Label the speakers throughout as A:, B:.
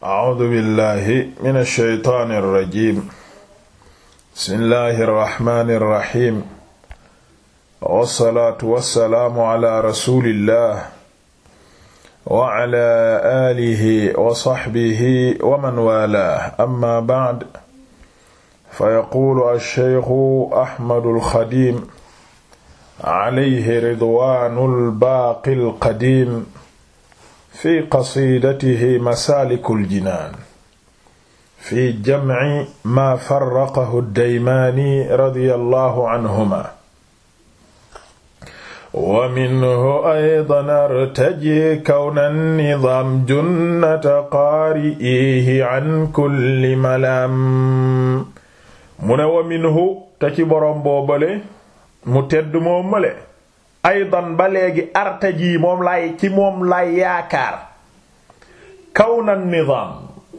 A: A'uuzu billaahi mina shaytaani rajiim. Bismillaahi rahmaani rahiim. Wassalaatu wassalaamu alaa rasuulillaah. Wa alaa aalihi wa sahbihi wa man waalaah. Ammaa ba'd. Fayaquulu ash-shaykhu Ahmadul Xadiim. Alayhi ridwaanul baaqil qadiim. fi qasidatihi masaalikul jinaan fi jamci maa farraqahu daymaani radiyallahu anhuma wa minhu aydan artaji kawna nidaam junnata qaari'ihi an kulli malaam mu ne wa minhu te ci boroom boobale mu tedd moo male aydan ba léegi artaji moom lay ci moom lay yaakaar kaw kawna nizaam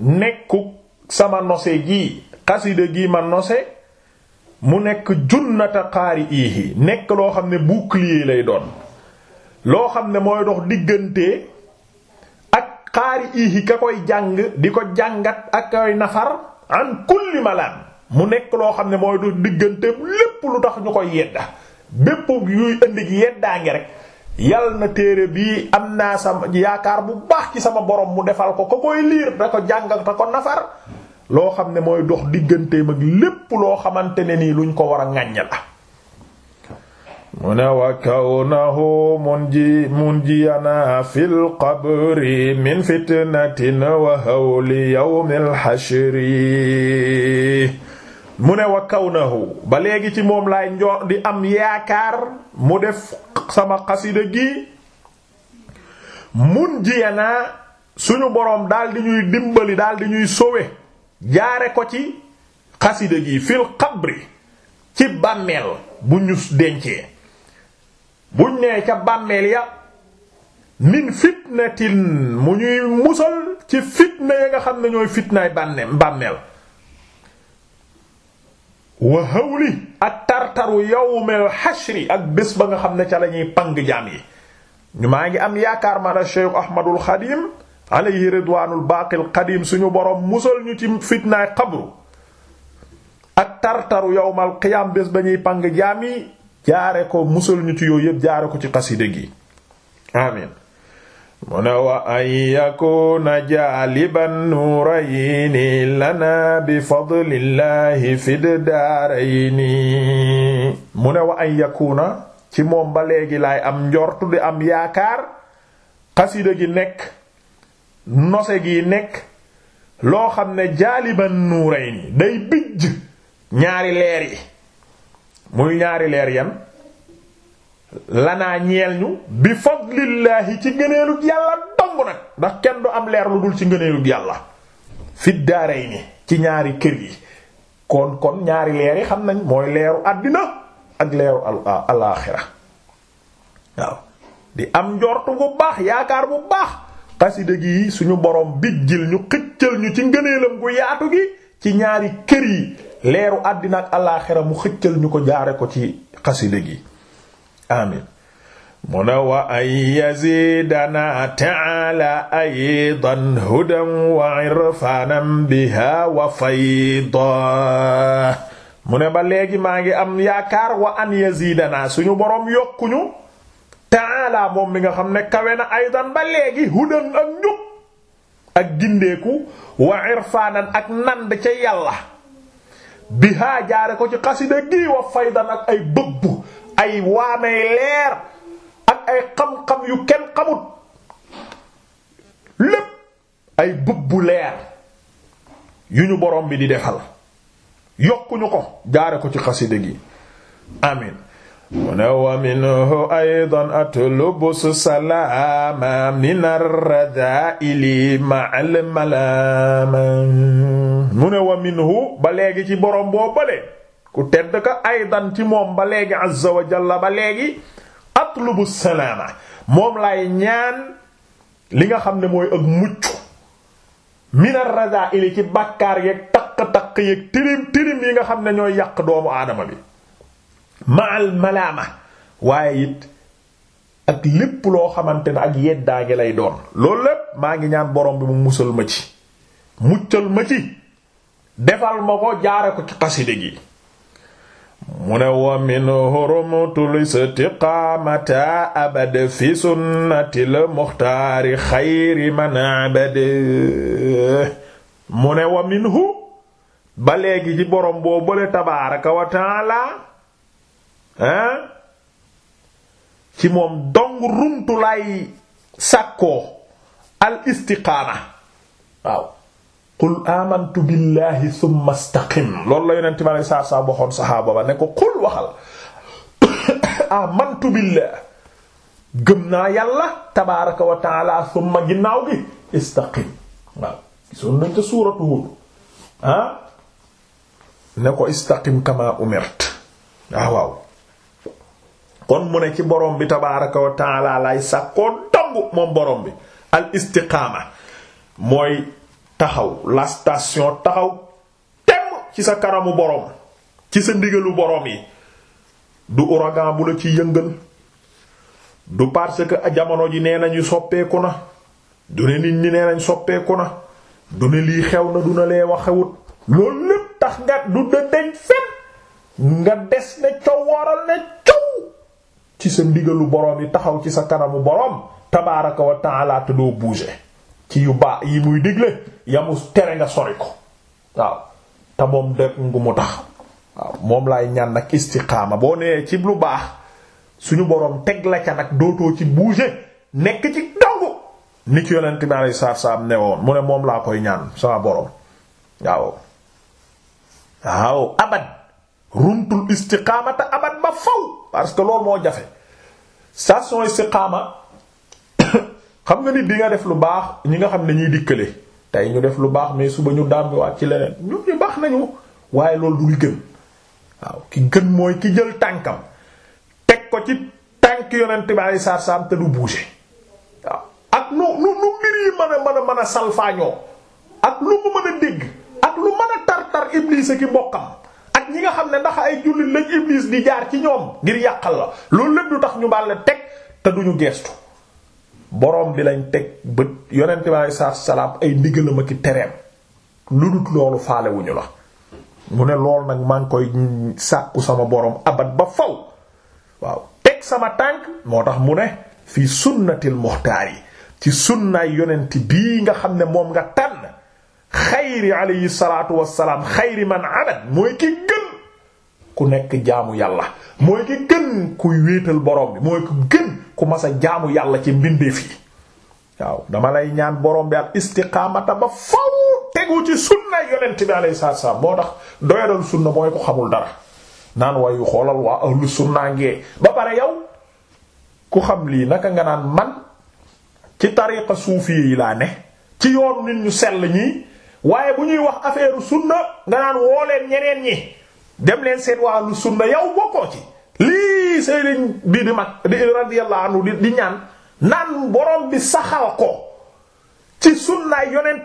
A: nekku sama nose gi xasida gi ma nose mu nekk junnata xaari iihi nekk loo xam ne bouclier lay doon loo xam ne mooy dox diggante ak xaari iihi ka koy jàng di ko jàngat ak koy nafar an kulli malaan mu nekk loo xam ne mooy dox diggante lépp lu tax ñu koy yedda bépp yuy indi ci yeddaange rek yal na téere bi am naa sama yaakaar bu baax ci sama borom mu defal ko ko koy liir ko jàngal da ko nafar loo xam ne mooy dox diggante ak lépp loo xamante ne nii luñ ko war a ŋàññ la mu ne wa kawnahu mun ji mun jiyana fil qabri min fitnatin wa hawli yawmil hashri mu ne wa kawnahu ba léegi ci moom laay njoo di am yaakaar mu def sama xasida gi mun jiyanaa suñu boroom daal di ñuy dimbali daal di ñuy sowe jaare ko ci xasida gi fil xabri ci bàmmeel bu ñu dencee buñ nee ca bàmmeel ya min fitnatin mu ñuy musal ci fitna ya nga xam ne ñooy fitnaay bànneem bàmmeel wa hawli ak tartaru yawmal xashri ak bés ba nga xam ne ca la ñuy pang jaam yi ñu maa ngi am yaakaar man a Cheikh Ahmadul Xadim alayhi ridwaanul baaqil qadim suñu borom musal ñu ci fitnaay xabru ak tartaru yawmal qiyaam bés ba ñuy pàng jaam yi jaare ko musal ñu ci yooyu yëpp jaare ko ci xaside gi amin mu ne wa an yakuuna jaaliban nuurayni lana bi fadlillahi fid daarayni mu ne wa an yakuuna ci moom ba léegi laay am njortu di am yaakaar xasida gi nekk nose gi nekk loo xam ne jaaliban nuurayni day bijj ñaari leer yi muy ñaari leer yan lanaa ñeel ñu bi fadlillaahi ci ngëneelug yàlla dong nag ndax kenn du am leer lu dul ci ngëneelug yàlla fi daaray ni ci ñaari kër yi kon kon ñaari leer yi xam nañ mooy leeru àddina ak leeru alaaxira waaw di am njortu bu baax yaakaar bu baax xasida gi suñu borom bijjil ñu xëccal ñu ci ngëneelam gu yaatu gi ci ñaari kër yi leeru àddina ak alaaxira mu xëccal ñu ko jaare ko ci xasida gi amin mu ne wa an yazidanaa taala aydan hudan wa irfanan wa fayda mu ne ba leegi maa ngi am yaakaar wa an yazidanaa suñu boroom yokkuñu taala moom mi nga xam ne kawe na aydan ba léegi hudan ak njub ak gindeeku wa irfanan wa faydan ak ay bëbb ay waamey leer ak ay xam-xam yu kenn xamut lépp ay bëbbu leer yu ñu borom bi di defal yokkuñu ko jaare ko ci xasida gi amin mu ne wa minhu aydan atlubus salaama min ar-radaa'ili ma'al malaama mu ne wa minhu ba léegi ci borom boo ku tedd ka aydan ci moom ba léegi azza ba léegi atlubu salaama moom lay ñaan li nga xam ne mooy ak mucc minar razaa'il ci bàkkaar yeeg takk-takk yeeg tirim tirim yi nga xam ne ñooy yàq doomu aadama bi ma malaama waaye it ak lépp loo xamante ne ak yeddaange lay doon loolu lépp maa ngi ñaan borom bi mu musal ma ci muccal ma ci defal ma ko jaare ko ci xaside gi mu ne wa minhu rumtul istiqaamata abad fi sunnatil muxtaari xayri man abad mu ne wa minhu ba léegi ci borom boo bële tabaaraka wa taala ci moom dong rumtulaay sàkkoo al istiqaama qul amantu billahi thumma istaqim loolu la yonent bi alei saat salaam waxoon saxaaba ba ne ko qul waxal amantu billah gëm naa yàlla tabaraka wa taala thumma ginnaaw gi istaqim waaw gisoon nañ ca suuratu Huud ah ne ko istaqim kama umirt waaw ah, waaw kon mu ne ci borom bi tabaraka wa taala lay sàkkoo damb moom borom bi al mooy taxaw la station taxaw temm ci sa kanamu boroom ci sa ndigalu boroom yi du ouragan bu la ci yëngal du parce que jamono ji nee nañu soppeeku na du ne nit ñi nee nañ soppeeku na du lii xew na du na lee waxewut loolu lépp tax nga du da deñ fet nga des ne cow ne cow ci sa ndigalu boroom yi taxaw ci sa kanamu boroom tabaaraka wa ta'ala doo bouger ci yu baax yi muy digle yamu tere nga sori ko waaw te moom de ngu mu tax waaw moom laay ñaan nag istiqaama boo nee ci lu baax suñu boroom teg la ca nag dootoo ci bouger nekk ci dangu ni ci yonent bi alayhi salaatu salaam ne woon mu ne moom laa koy ñaan sama boroom waaw waaw abad runtul istiqaamata abad ba faw parce que loolu moo jafe station istiqaama xam nga nit bi nga def lu baax ñi nga xam ne ñuy dikkale tey ñu def lu baax mais suba ñu dàmbiwaat ci leneen ñu ñu baax nañu waaye loolu du li gën waaw ki gën mooy ki jël tànkam teg ko ci tànk yonent bi alayhi salaam te du bouger waaw ak nu nu nu yi mën a mën a mën a salfaañoo ak lu mu mën a dégg ak lu mën a tar-tar iblis ki bokkam ak ñi nga xam ne ndax ay jullit lañ iblis di jaar ci ñoom ngir yàqal la loolu lépp du tax ñu baal la teg te duñu geestu borom bi lañ teg bët yonent bi salaam ay ndigalam ak i tereem lu dut loolu faale la mu ne lool nag maa ngi koy sàkku sama borom abad ba faw waaw teg sama tànk moo tax mu ne fii sunnatil muxtaar yi ci sunnaay yonent bii nga xam ne moom nga tànn xayri aleyhi salaatu wassalaam xayri man abad mooy ki gën ku nekk jaamu yàlla mooy ki gën kuy wéetal borom bi mooy ki gën ku ma a jaamu yàlla ci mbindeef yi waaw dama lay ñaan borom bi al istiqaamata ba faw tegu ci sunna yonent bi alayhi salaatu salaam moo tax doyadal sunna mooy ko xamul dara naan waayu xoolal waa ahlu sunna ngee ba pare yow ku xam lii naka nga naan man ci tariqa suufi yi laa ci yoonu nit ñu sell ñi waaye bu ñuy wax affaire sunna nga naan woo leen ñeneen ñi dem leen seen waa ahlu sunna yow bokkoo ci lii lii sëriñ bi di mag di radiyallahu anhu di ñaan naan ko ci sunnaay yonent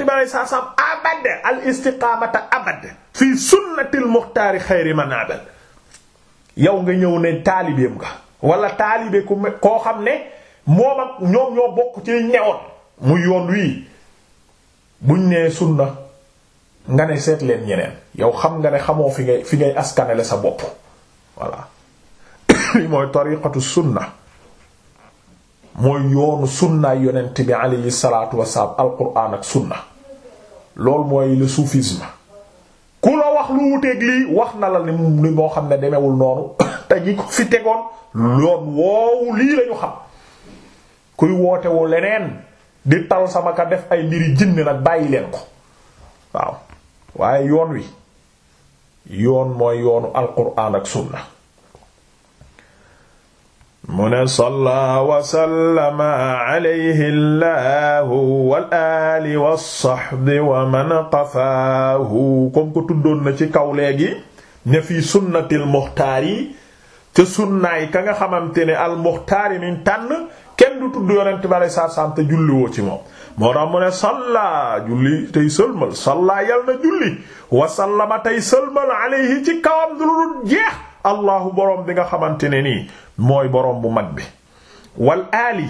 A: fii sunnatil muxtaari xayri man abad yow nga ñëw ne taalibeem nga wala taalibe ku koo xam ne moom ak ñoom ñoo bokk ci ñewoon muy yoon wii buñ nee sunna nga ne seet ñeneen yow xam nga ne xamoo fi ngay fi ngay sa bopp voilà lii mooy tariqatu sunna mooy yoonu sunnaay yonent bi alayhi salaatu wasalaam alquran ak sunna loolu mooy le soufisme ku la wax lu wuteeg lii wax na la li moo xam ne demewul noonu te ñi ko fi tegoon loon woowu lii lañu xam kuy woote leneen di tal sama ka def ay mbiri jinne nag bàyyi leen ko waaw waaye yoon wi yoon mooy yoonu alquran ak sunna mu ne salla wasallama alayhi llahu wal ali wasaxbi ko tuddoon na ci kaw léegi ne fii sunnatil muxtaar yi ca sunnaay ka nga xamante ne al muxtaar yi min tànn kenn du tudd yonent bi alei sat salaam te julliwoo ci moom moo tax mu ne salla julli tey sëlmal salla yal na julli wasallama tey sëlmal alayhi ci kawam du lu jeex allahu boroom bi nga xamante ne nii mooy boroom bu mag bi wal aali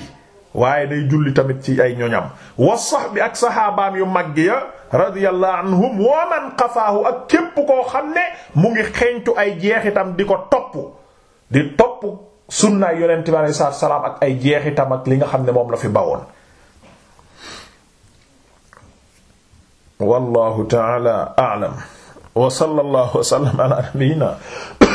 A: waaye day julli tamit ci ay ñoñam wa sahbi ak saxaabaam yu mag ya radiyallahu anhum wa man ak képp koo xam ne mu ngi xeeñtu ay jeexitam di ko topp di topp sunnaay yonent bi alayhi salaatu ak ay jeexitam ak li nga xam ne moom la fi bawoon wallahu ta'ala a'lam wa sallallahu wa sallam ala